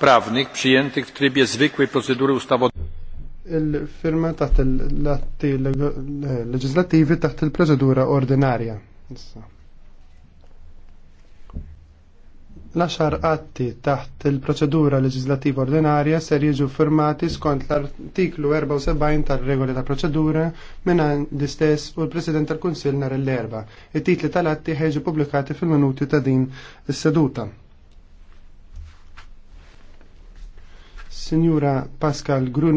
prawnych przyjętych w trybie zwykłej procedury ustawodawczej. Il-firma taħt l-atti leġislattivi taħt il-proċedura ordinarja. L-axar atti taħt il-proċedura leġislattiva ordinarja ser jiġu firmati skont l-artiklu 74 tal-regoli ta' proċedura minna l-istess u l-President tal-Kunsil nar l-erba. Il-titli tal-atti ħieġu publikati fil-minuti ta' din is-seduta. Sinjura Pascal Grun